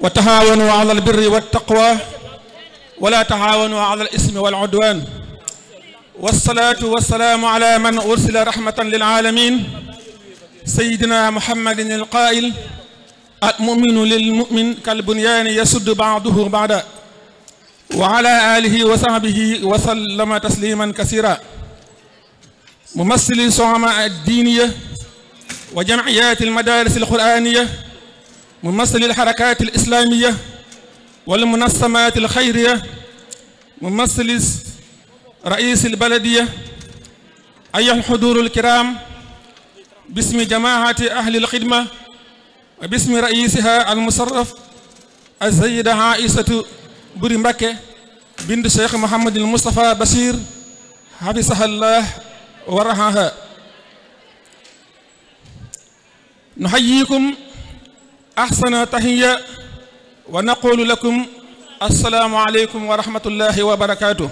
wa taxaawanu ala albirri waltaqwa wala taxaawanu ala alismi waludwan walsalatu walsalaamu ala man ursila rahmatan lilaalamin sayidina muhammadin alqail almuminu lilmumin kalbunyaani yasuddu baaduhu baada wa ala alihi wa sahbihi wa sallama tasliman kasira mumassili soama addiiniya wa jamciyat almadaris alquraniya ممثل الحركات الإسلامية والمنظمات الخيرية ممثل رئيس البلدية أيها الحضور الكرام باسم جماعة أهل الخدمة وباسم رئيسها المصرف السيدة عائشة بوري مبكة بنت الشيخ محمد المصطفى بشير حفظها الله ورعاها نحييكم ahsana tahiya wa naqulu lakum assalaamu aleykum wa rahmatullahi wa barakaatuh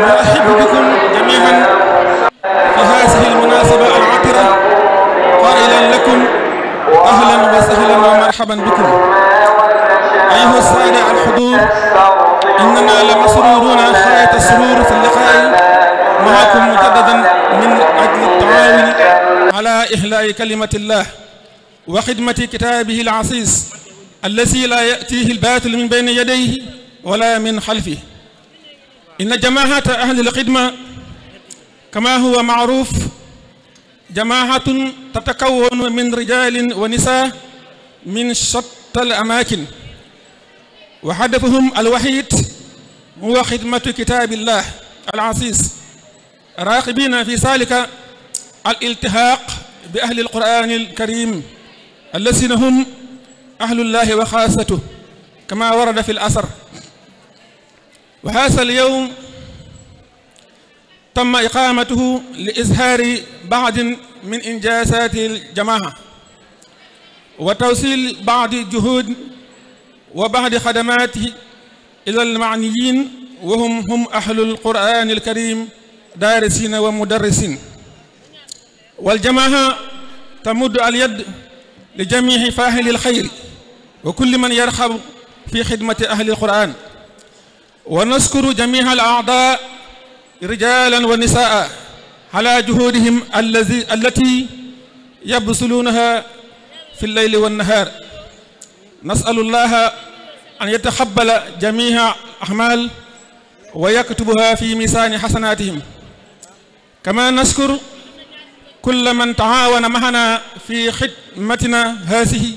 nurahhibu bikum jamii'an fi haadihi al-munaasaba al-'aatira qaa'ilan lakum ahlan wa sahlan wa marhaban bikum أيها السادة الحضور إننا لمسرورون غاية السرور في اللقاء معكم مجددا من أجل التعاون ala ihlaa'i kalimatillah wa xidmati kitaabihi al-aziz allazi laa ya'tiihi al-baatilu min bayni yadayhi wala min xalfihi inna jamaahata ahlil xidma kama huwa ma'ruuf jamaahatun tatakawwanu min rijaalin wa nisaa min shattal amaakin wa hadafuhum al-wahiid huwa xidmatu kitaabillah al-aziz raaqibiina fi saalika al iltihaaq bi ahli alqur'ani alkarim allazina hum ahlullahi wa xaasatu kama warada fi lasar wa haasa alyowm tamma iqaamatuhu li izhaari baadin min injaasaati aljamaaha wa tawsil baadi juhuud wa baadi xadamaatihi ila almaaniyin wa hum hum ahlu alqur'ani alkarim daarisiina wa mudarrisiin والجماعة تمد اليد لجميع فاعل الخير وكل من يرحب في خدمة أهل القرآن ونشكر جميع الأعضاء رجالا ونساء على جهودهم الذي التي يبذلونها في الليل والنهار نسأل الله أن يتقبل جميع أعمال ويكتبها في ميزان حسناتهم كما نشكر kulla man taxaawana maxana fi xidmatina haasihi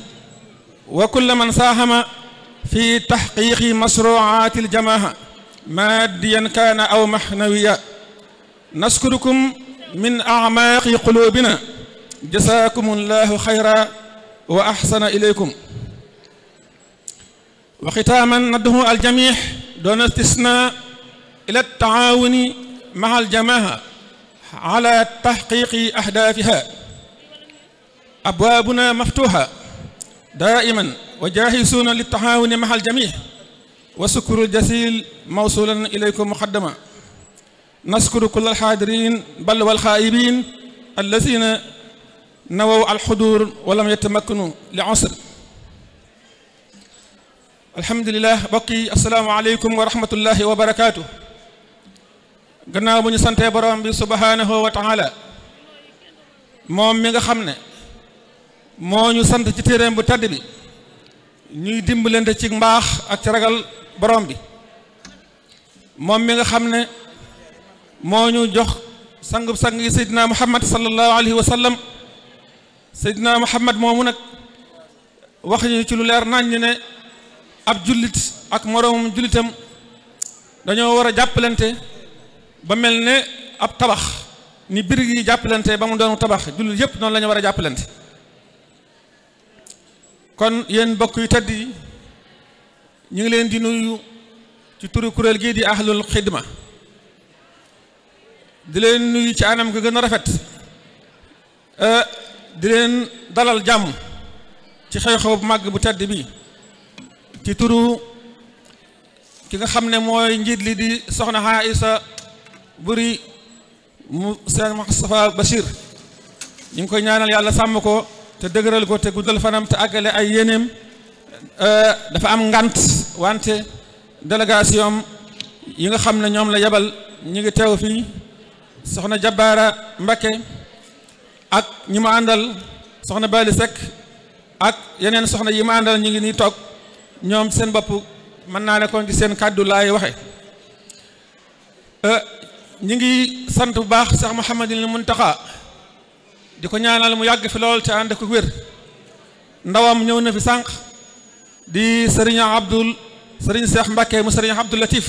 wa kulla man saaxama fi taxqiiqi masruucaati aljamaaha maadiyan kaana aw maxnawiya naskurukum min acmaaqi quluubina jasaakum allahu xayra wa axsana ilaykum wa xitaaman nadhu aljamiix doona istisnaa ila tacaawuni maca aljamaaha على تحقيق أهدافها أبوابنا مفتوحة دائما وجاهزون للتعاون مع الجميع وشكر الجزيل موصولا إليكم مقدما نشكر كل الحاضرين بل والخائبين الذين نووا الحضور ولم يتمكنوا لعسر alhamdulilah mbokk yi asalaamaaleykum wa rahmatullahi wa barakaatu. gannaaw bu ñu santee borom bi subhanahu wa taala moom mi nga xam ne moo ñu sant ci téeréem bu tedd bi ñuy dimbalante ci mbaax ak ci ragal boroom bi moom mi nga xam ne moo ñu jox sangub sang yi seydina muhammad sallallahu alayhi wa sallam seydina muhammad moomu nag wax ñu ci lu leer naññ ne ab jullit ak moroomum jullitam dañoo war a jàppalante ba mel ne ab tabax ni birig yi jàppalante ba mu doonu tabax jullit yépp noonu la war a jàppalante kon yéen mbokk yu tëdd yi ñu ngi leen di nuyu ci turu kuréel gii di ahlul xidma di leen nuyu ci anam ga gën a rafet di leen dalal jàmm ci xew-xew bu màgg bu tedd bi ci turu ki nga xam ne mooy njiit li di soxna Aïssa buri mu seen Moustapha Bachir ñu ngi koy ñaanal yàlla sàmm ko te dëgëral ko te guddal fanam te àggale ay yéeneem dafa am ngant wante délégation yi nga xam ne ñoom la yebal ñu ngi teew fii soxna Jabaara Mbakke ak ñi mu àndal soxna Bali Seck ak yeneen soxna yi ma àndal ñu ngi nii toog ñoom seen bopp mën naa ne kon ci seen kàddu laay waxe ñu ngi sant bu baax Cheikh Mouhamadul taxa di ko ñaanal mu yàgg fi lool te ànd ko wér ndawam ñëw na fi sànq di sëriñ Abdul sëriñ seex Mbacke mu sëriñ Abdul Latif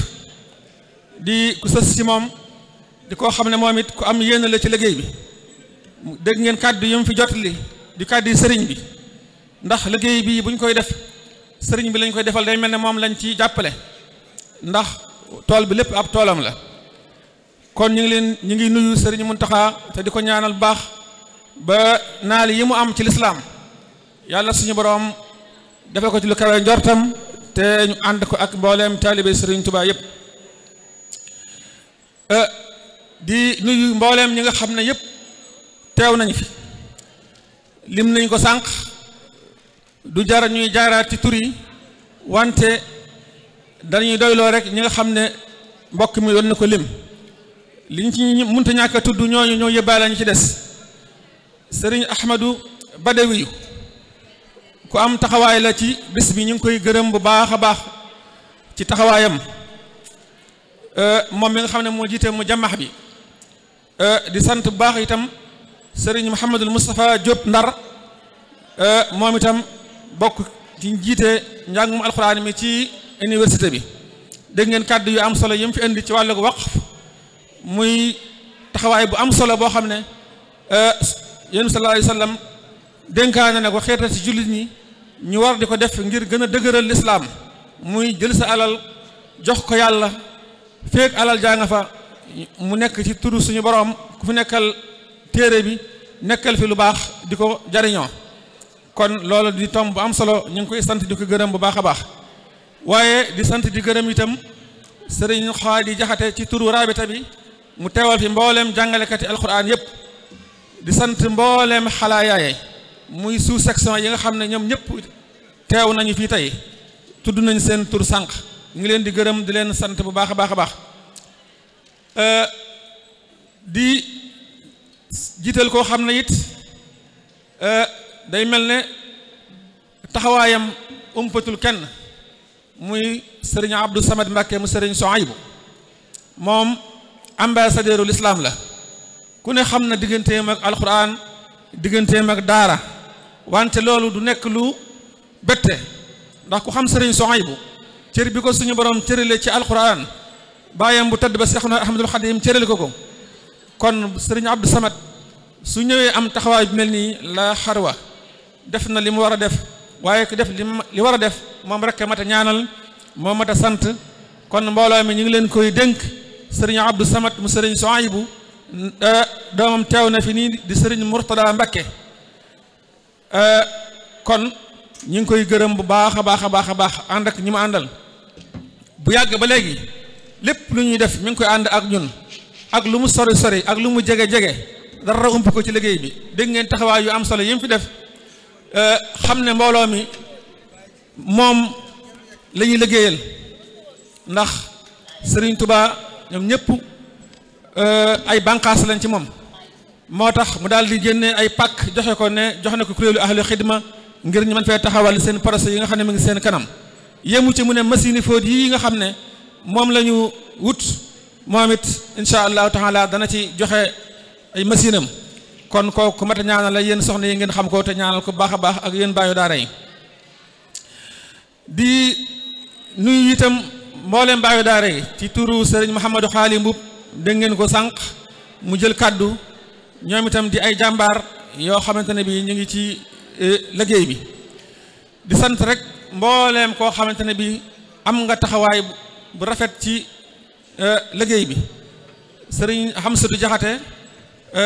di ku sës ci moom di koo xam ne moom it ku am yéen la ci liggéey bi dégg ngeen kàddu yi mu fi jot li di kàddu yi sëriñ bi ndax liggéey bi bu ñu koy def sëriñ bi lañ koy defal day mel ne moom lañ ci jàppale ndax tool bi lépp ab toolam la kon ñu ngi leen ñu ngi nuyu sëriñ mun Muntaxa te di ko ñaanal baax ba naal yi mu am ci lislaam yàlla suñu borom defe ko ci lu kawe njortam te ñu ànd ko ak mbooleem taalibe sëriñ Tuubaa yëpp euh, di nuyu mbooleem ñi nga xam ne yëpp teew nañ lim nañ ko sànq du jara ñuy jaaraat ci tur yi wante dañuy doyloo rek ñi nga xam ne mbokk mi doon na ko lim li ñu ci mënta ñàkk a tudd ñooñu ñoo yëbbaale ñu ci des sëriñ Ahmadou Badawi ku am taxawaay la ci bis bi ñu ngi koy gërëm bu baax a baax ci taxawaayam euh, moom mi nga xam ne moo jiite mu jamax bi euh, di sant bu baax itam sëriñ Mouhamadul Moustapha Diop Ndar euh, moom itam bokk ci jiite njàngum alxuraan mi ci université bi dégg ngeen kàddu yu am solo yi mu fi indi ci wàllu waqf muy taxawaay bu am solo boo xam ne euh, yéen sallallahu alayhi wa sallam dénkaane na ko xeetal ci jullit ñi ñu war di ko def ngir gën a dëgëral lislaam muy jël sa alal jox ko yàlla féeg alal jaa nga fa mu nekk ci turu suñu boroom ku fi nekkal téere bi nekkal fi lu baax di ko jariñoo kon loolu di tom bu am solo ñu ngi koy sant di ko gërëm bu baax a baax waaye di sant di gërëm itam sëriñ Xaadi Jaxate ci turu raabita bi mu teewal fi mbooleem jàngalekati alquran yëpp di sant mbooleem xalaa yaaye muy sous section yi nga xam ne ñoom ñëpp teew nañu fii tey tudd nañ seen tur sànq ñu ngi leen di gërëm di leen sant bu baax a baax a baax euh, di jiital koo xam ne it euh, day mel ne taxawaayam umpatul kenn muy sëriñ Abdou Samad Mbacke mu sëriñ Soaybu moom ambassadeurul islaam la ku ne xam na digganteem ak alxuraan digganteem ak daara wante loolu du nekk lu bette ndax ku xam sëriñ Sohaybu cër bi ko suñu borom cërale ci alxuraan baayam bu tëdd ba Seexuna Ahmadul Xadim cërale ko ko kon sëriñ Abdou Samad su ñëwee am taxawaay bi mel nii la xarwa def na li mu war a def waaye ki def li li war a def moom rekk mat a ñaanal moo mat a sant kon mbooloo mi ñu ngi leen koy dénk sëriñ Abdou Samad mu sëriñ Soaybu eh, doomam teew na fi nii di sëriñ Mourtada Mbakke eh, kon ñu ngi koy gërëm bu baax a baax a baax a baax ànd ak ñi mu àndal bu yàgg ba léegi lépp lu ñuy def mi ngi koy ànd ak ñun ak lu mu sori sori ak lu mu jege jege dara ump ko ci liggéey bi dégg ngeen taxawaay yu am solo yi mu fi def eh, xam ne mbooloo mi moom la ñuy liggéeyal ndax sëriñ Touba. ñoom ñëpp euh, ay bànqaas lañ ci moom moo tax mu daal di génne ay pàkk joxe ko ne jox na ko kuréelu ahlu xidma ngir ñu mën fee taxawal seen projet yi nga xam ne mu ngi seen kanam yemu ci mu ne machine foot yi nga xam ne moom lañu wut moom it incha allahu taala dana ci joxe ay machine am kon kooku ku mat a ñaanal la yéen soxna yi ngeen xam ko te ñaanal ko baax a baax ak yéen baayu daara yi di nuyu itam mboolem baayu daara yi ci turu sëriñ Mouhamadou Xaali Mbub dégg ngeen ko sànq mu jël kàddu ñoom itam di ay jàmbaar yoo xamante ne bi ñu ngi ci e, liggéey bi di sant rek mbooleem koo xamante ne bi am nga taxawaay bu rafet ci e, liggéey bi sëriñ Hamsatu Jaxate e,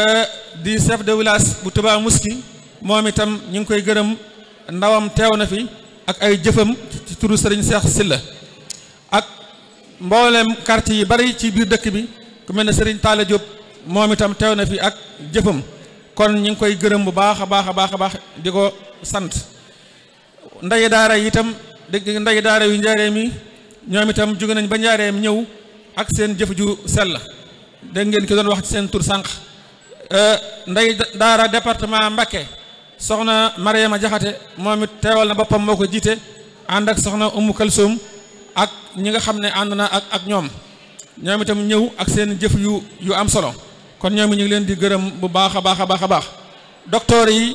di chef de village bu Touba Mouski moom itam ñu ngi koy gërëm ndawam teew na fi ak ay jëfam ci turu sëriñ Seex Silla ak mboolem quartier yi bari ci biir dëkk bi ku mel ne Serigne Talla Diop moom itam teew na fi ak jëfam kon ñu ngi koy gërëm bu baax a baax a baax a baax di ko sant ndaje daara yi dëgg ndaje daara yu njaareem yi ñoom itam jóge nañ ba njaareem ñëw ak seen jëf ju sell dégg ngeen ki doon wax ci seen tur sànq euh, nday daara département Mbacké soxna Mariama Jaxate moom it teewal na boppam moo ko jiite ànd ak soxna Umu Kalsoom ak ñi nga xam ne ànd na ak ak ñoom ñoom itam ñëw ak seen jëf yu yu am solo kon ñoom ñu ngi leen di gërëm bu baax a baax a baax a baax docteur yi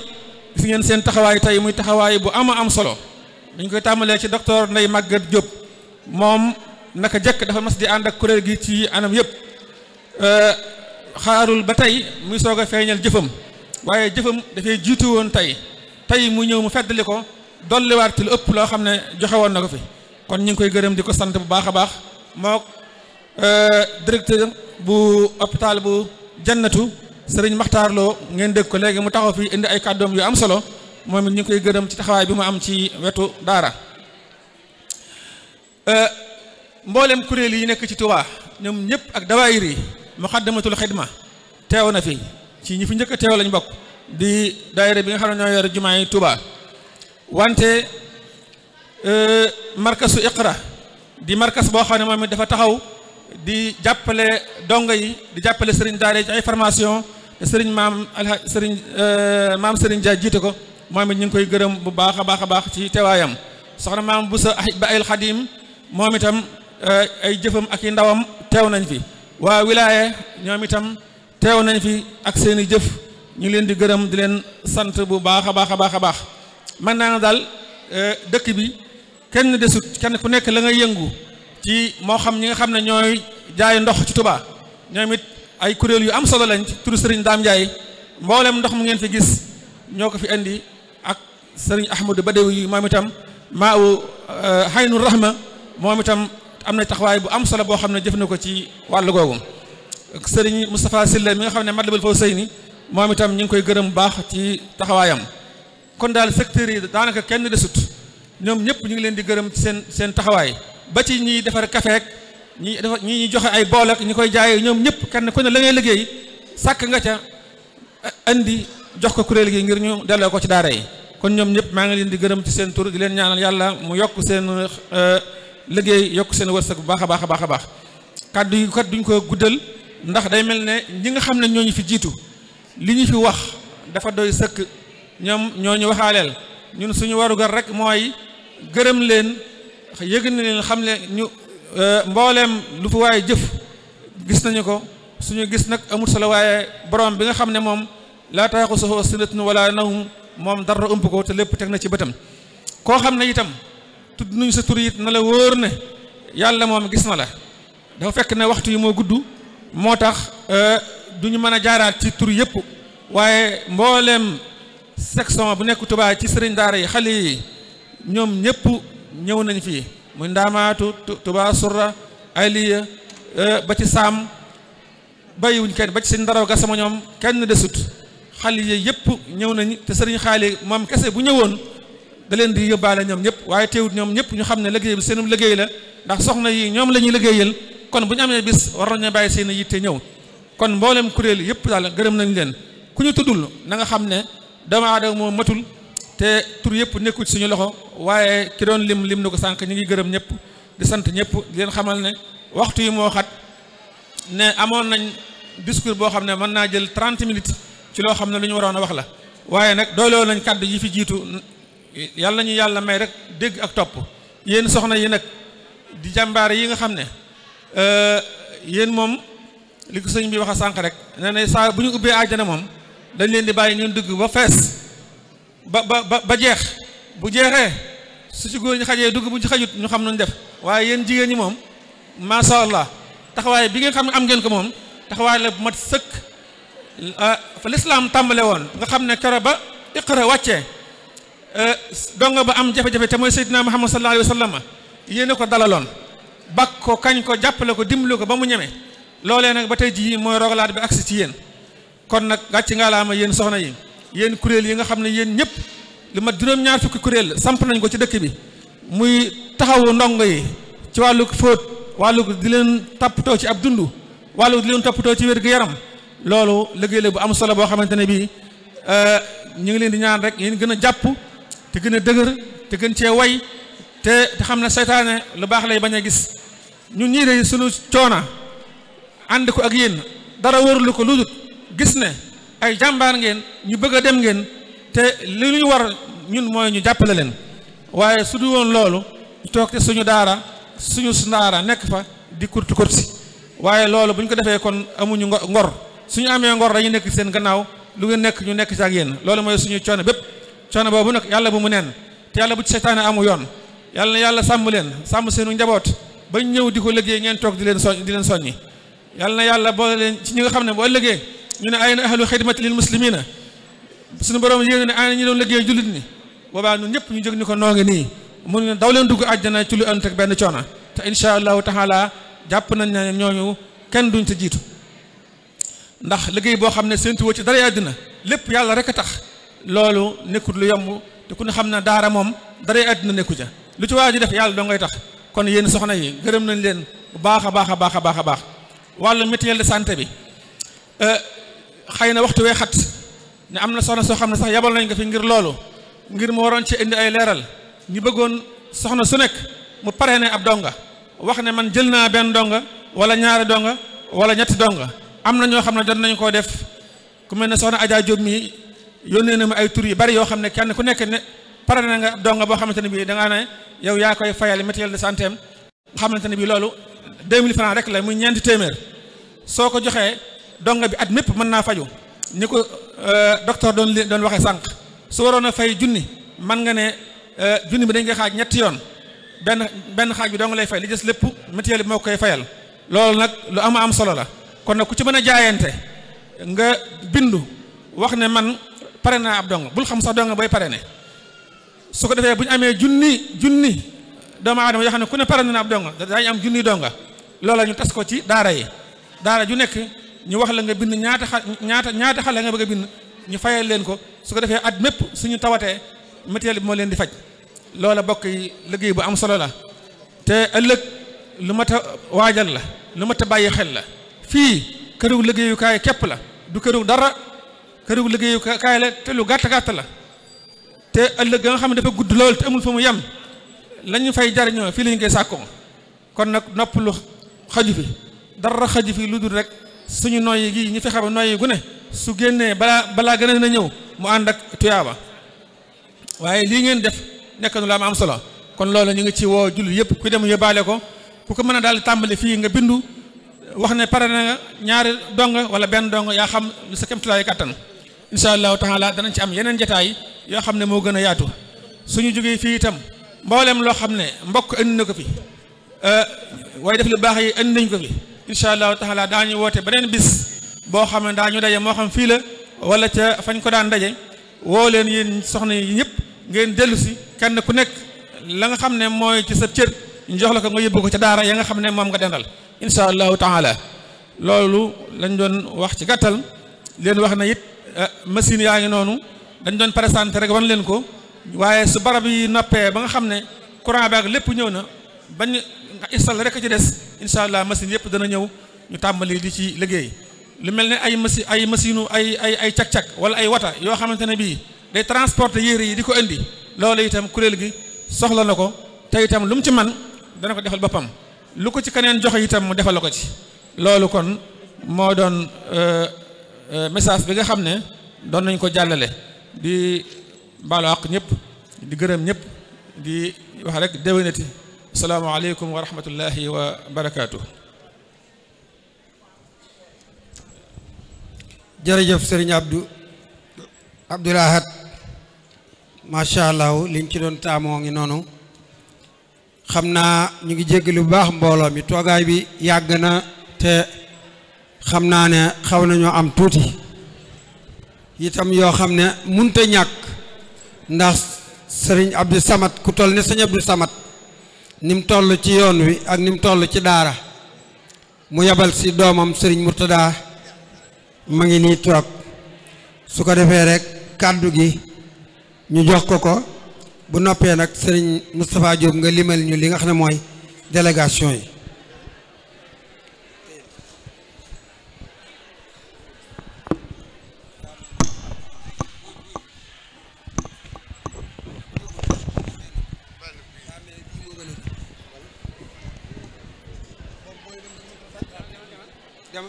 gis ngeen seen taxawaay tey muy taxawaay bu ama am solo dañ koy tàmbalee ci docteur Ndeye Maguette Diop moom naka jëkk dafa mas di ànd ak kuréel gi ci anam yëpp euh, xaarul ba tey muy soog a feeñal jëfam waaye jëfam dafay jiitu woon tey tey mu ñëw mu feddali ko dolliwaat ci lu ëpp loo xam ne joxe woon na ko fi kon ñu ngi koy gërëm di ko sant bu baax a baax moo euh, directeur bu hôpital bu jannatu sëriñ Maxtaar ngeen dégg ko léegi mu taxaw fi indi ay kàddoom yu am solo moom it ñu ngi koy gërëm ci taxawaay bi mu am ci wetu daara euh, mboolem kuréel yi nekk ci Touba ñoom ñëpp ak dawaayir yi muxaddamatul xidma teew na fi ci ñu fi njëkk a teew lañu bokk di daayira bi nga xam ne ñoo yor jumaa yi Touba wante Euh, markasu iqra di markas boo xam ne moom it dafa taxaw di jàppale dongo yi di jàppale sëriñ daara ci ay formation te sëriñ maam alha sëriñ euh, maam sëriñ Dia jiite ko moom it ñu ngi koy gërëm bu baax a baax a baax ci teewaayam soxna maam bu sa ba ayil xadim moom itam euh, ay jëfam ak i ndawam teew nañ fi waa wilaaye ñoom itam teew nañ fi ak seen i jëf ñu leen di gërëm di leen sant bu baax a baax a baax a baax man naa daal dëkk bi kenn desut kenn ku nekk la ngay yëngu ci moo xam ñi nga xam ne ñooy jaay ndox ci Touba ñoom it ay kuréel yu am solo lañ ci turu Serigne Dame Ndiaye mboolem ndox mu ngeen fi gis ñoo ko fi indi ak sëriñ Serigne ba Badew yi moom itam maa u euh, Haynu Rahma moom itam am na taxawaay bu am solo boo xam ne jëf na ko ci wàllu googu Serigne Moustapha Silla mi nga xam ne Matlabul Fawzayni moom itam ñu ngi koy gërëm bu baax ci taxawaayam kon daal secteur yi daanaka kenn desut ñoom ñëpp ñu ngi leen di gërëm ci seen seen taxawaay ba ci ñiy defar kafeek ñi defar ñi ñuy joxe ay bool ak ñi koy jaayee ñoom ñëpp kenn ku ne la ngay liggéey sàkk nga ca andi jox ko kuréel gi ngir ñu delloo ko ci daara yi kon ñoom ñëpp maa ngi leen di gërëm ci seen tur di leen ñaanal yàlla mu yokk seen euh, liggéey yokk seen wërsëg bu baax a baax a baax a baax kàddu yi kat duñ ko guddal ndax day mel ne ñi nga xam ne ñoo ñu fi jiitu li ñu fi wax dafa doy sëkk ñoom ñoo ñu waxaaleel ñun suñu warugar rek mooy gërëm leen yëg na leen xam ne ñu euh, mbooleem lu fi waaye jëf gis nañu ko suñu gis nag amut solo waaye borom bi nga xam ne moom laa taaxusuhu sinatun wala nawm moom dara ëmp ko te lépp teg na ci bëtam koo xam ne itam tudd nañu sa tur it na la wóor ne yàlla moom gis na la dafa fekk ne waxtu yi moo gudd moo tax euh, du ñu mën a jaaraat ci tur yëpp waaye mbooleem section bu nekk tubaay ci sëriñ daara yi xale yii ñoom ñëpp ñëw nañ fii muy ndaamaatu tubaa surra aliya euh, ba ci saam bàyyiwuñ kenn ba ci sëñ ndaraw ga sama ñoom kenn desut xal yi yëpp ñëw nañ te sëriñ xaali moom kese bu ñëwoon da leen di yóbbaale ñoom ñëpp waaye teewut ñoom ñëpp ñu xam ne liggéey bi seenum liggéey la ndax soxna yi ñoom la ñuy liggéeyal kon bu ñu amee bis war nañu bàyyi seen yitte ñëw kon mboolem kuréel yëpp daal gërëm nañ leen ku ñu tuddul nanga xam ne doomu aadama moo matul te tur yëpp nekkul suñu loxo waaye ki doon lim lim na ko sànq ñu ngi gërëm ñëpp di sant ñëpp di leen xamal ne waxtu yi moo xat ne amoon nañ discours boo xam ne mën naa jël trent minutes ci loo xam ne lu ñu waroon a wax la waaye nag doyloo nañ kàddu yi fi jiitu yàlla ñu yàlla may rek dégg ak topp yéen soxna yi nag di jàmbaare yi nga xam ne euh, yéen moom li ko sëñ bi wax a sànq rek nee na saa bu ñu ubbee àjjana moom dañ leen di bàyyi ñun dugg ba fees ba ba ba jeex bu jeexee su ci góor ñu xajee dugg bu ci xajut ñu xam nuñ def waaye yéen jigéen ñi moom macha allah taxawaay bi ngeen xam ne am ngeen ko moom taxawaay la bu mat sëkk fa lislaam tàmbale woon nga xam ne kero ba iqra wàccee euh, donga ba am jafe-jafe te mooy seydina muhammad sallallahu alayhi wa sallam yéen ko dalaloon bak ko kañ ko jàppale ko dimbali ko ba mu ñeme loolee nag ba tey jii mooy rogalaat bi agsi ci yéen kon nag gàcc ngaalaama yéen soxna yi yéen kuréel yi nga xam ne yéen ñëpp li ma juróom-ñaar fukki kuréel samp nañ ko ci dëkk bi muy taxawu ndongo yi ci wàllu fóot wàllu di leen toppatoo ci ab dund wàllu di leen toppatoo ci wér-gu-yaram loolu liggéey la bu am solo boo xamante ne bii euh, ñu ngi leen di ñaan rek yéen gën a jàpp te gën a dëgër te gën cee way te te xam ne seytaane lu baax lay bañ a gis ñu ñii de sunu coona ànd ko ak yéen dara wërlu ko ludut gis ne ay jàmbaar ngeen ñu bëgg dem ngeen te li ñu war ñun mooy ñu jàppale leen waaye su du woon loolu toog te suñu daara suñu ndaara nekk fa di kurti kurti waaye loolu bu ñu ko defee kon amuñu ngor suñu amee ngor dañu nekk seen gannaaw lu ngeen nekk ñu nekk ci ak yéen loolu mooy suñu coono bépp coono boobu nag yàlla bu mu neen te yàlla bu ci seytaane amu yoon yàlla na yàlla sàmm leen sàmm seenu njaboot bañ ñëw di ko liggéey ngeen toog di leen soñ di leen soññi yàlla ñu ne ayna ahlu xidmati lil muslimina suñu borom yéen ne ayna ñu doon liggéey jullit ni boobaa ñun ñëpp ñu jóg ni ko noo ngi nii mu ne daw leen dugg àjjana ci lu ànd benn coono te incha allahu taala jàpp nañ ne ñooñu kenn duñ te jiitu ndax liggéey boo xam ne séentuwoo ci dara àddina lépp yàlla rek a tax loolu nekkul lu yomb te ku ne xam na daara moom dara àddina nekku ca lu ci waa ji def yàlla doo ngay tax kon yéen soxna yi gërëm nañ leen bu baax a baax a a baax a baax wàllu mutuelle bi euh, xëy na waxtu wee xat ne am na soxna soo xam ne sax yabal nañ ko fi ngir loolu ngir mu waroon ci indi ay leeral ñu bëggoon soxna su nekk mu paree ne ab donga wax ne man jël naa benn donga wala ñaari donga wala ñetti donga am na ñoo xam ne jot nañu koo def ku mel ne soxna Adja Diop mi yónnee na ma ay tur yu bari yoo xam ne kenn ku nekk ne pare na nga donga boo xamante ne bii da ngaa ne yow yaa koy fayal mutuelle de santé am xamante ne bii loolu 2000 francs rek la muy ñeenti téeméer soo ko joxee donga bi at mépp mën naa faju ni ko euh, docteur doon li doon waxee sànq su waroon a fay junni man nga ne euh, junni bi dañ koy xaaj ñetti yoon benn benn xaaj bi dong lay fay li des lépp mutuelle bi moo koy fayal loolu nag lu ama am solo la kon nag ku ci mën a jaayante nga bindu wax ne man pare naa ab dong bul xam sax dong booy pare ne su ko defee bu ñu amee junni junni doomu aadama yoo xam ne ku ne pare na ab dong daañu am junni donga loola ñu tas ko ci daara yi ñu wax la nga bind ñaata xa ñaata ñaata xale nga bëgg a bind ñu fayal leen ko su ko defee at mépp suñu tawatee mutuelle bi moo leen di faj loola bokk yi liggéey bu am solo la te ëllëg lu mat a waajal la lu mat a bàyyi xel la fii këru liggéeyukaay képp la du këru dara këru liggéeyukaay la te lu gàtt gàtt la te ëllëg ga nga xam ne dafa gudd lool te amul fa mu yem lañu fay jariñoo fii la ñu koy sàkkoo kon nag nopp lu xaju fi dara xaju fi lu dul rek suñu noyyi gi ñu fexe ba noyyi gu ne su génnee balaa balaa gën a na ñëw mu ànd ak tuyaaba waaye lii ngeen def nekk nu la am am solo kon loolu ñu ngi ci woo jullit yëpp ku dem yóbbaale ko ku ko mën a daal tàmbali fii nga bindu wax ne pare na nga ñaari dong wala benn dong yaa xam lu sa kéemtulaay kàttan incha allahu taala danañ ci am yeneen jataay yoo xam ne moo gën a yaatu suñu jógee fii itam mbooleem loo xam ne mbokk indi na ko fi euh, waaye def baax yi indi nañ ko incha allahu daa daañu woote beneen bis boo xam ne daañu daje moo xam fii la wala ca fañ ko daan daje woo leen yéen soxna yi ñëpp ngeen dellu si kenn ku nekk la nga xam ne mooy ci sa cër jox la ko nga yóbbu ko ca daara ya nga xam ne moom nga dendal incha allahu taala loolu lañ doon wax ci gàttal leen wax na it eh, machine yaa ngi noonu dañ doon présenté rek wan leen ko waaye su barab yi noppee ba nga xam ne courant bi ak lépp ñëw na bañ nga installé rek ci des incha allah machine yëpp dana ñëw ñu tàmbali di ci liggéey lu mel ne ay machine ay machine ay ay ay cak-cak wala ay wata yoo xamante ne bii day transporter yére yi di ko indi loolu itam kuréel gi soxla na ko te itam lu mu ci man dana ko defal boppam lu ko ci keneen joxe itam mu defale ko ci loolu kon moo doon euh, euh, message bi nga xam ne doon nañ ko jàllale di baalu àq ñëpp di gërëm ñëpp di wax rek déwénati asalaamaaleykum wa rahmatullahi wa barakaatu. jërëjëf sëriñ Abdou Abdoul Ahad liñ ci doon taamoo ngi noonu xam naa ñu ngi jégg lu baax mbooloo mi toogaay bi yàgg na te xam naa ne xaw nañoo am tuuti itam yoo xam ne munta ñàkk ndax sëriñ Abdou Samad ku toll ne sëriñ Abdou Samad ni mu toll ci yoon wi ak ni mu toll ci daara mu yabal si doomam sëriñ Murtada ma ngi nii toog su ko defee rek kàddu gi ñu jox ko ko bu noppee nag sëriñ Moustapha Diop nga limal ñu li nga xam ne mooy délégation yi waaw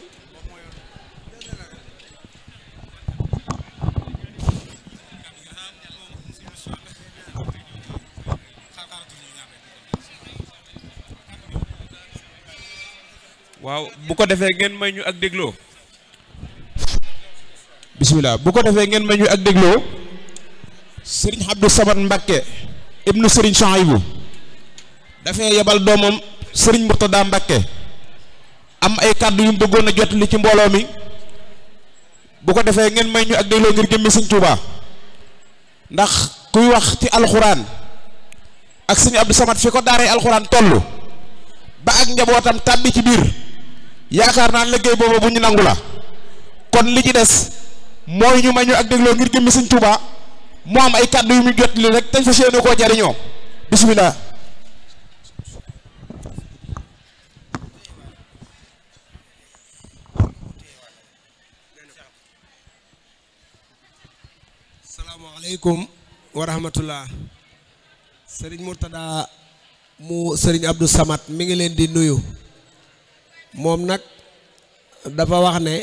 bu ko defee ngeen may ñu ak dégloo bismillah bu ko defee ngeen may ñu ak dégloo sëriñ Abdou Samad Mbakke ibnu sëriñ Chouaïbou dafay yebal doomam sëriñ Murtada Mbakke am ay kàddu yu mu bëggoon a jot li ci mbooloo mi bu ko defee ngeen may ñu ak dégloo ngir jëmmi sëñ Tuuba ndax kuy wax ci alxuraan ak sëñ Abdou Samad fi ko daaree alxuraan toll ba ak njabootam tàbbi ci biir yaakaar naa liggéey boobu bu ñu nangu la kon li ci des mooy ñu may ñu ak dégloo ngir jëmmi sëñ Tuuba mu am ay kàddu yu mu jot li rek te fas yéene koo jariñoo bisimilah. aleykum wa rahmatullah sëriñ Murtada mu sëriñ Abdou Samad mi ngi leen di nuyu moom nag dafa wax ne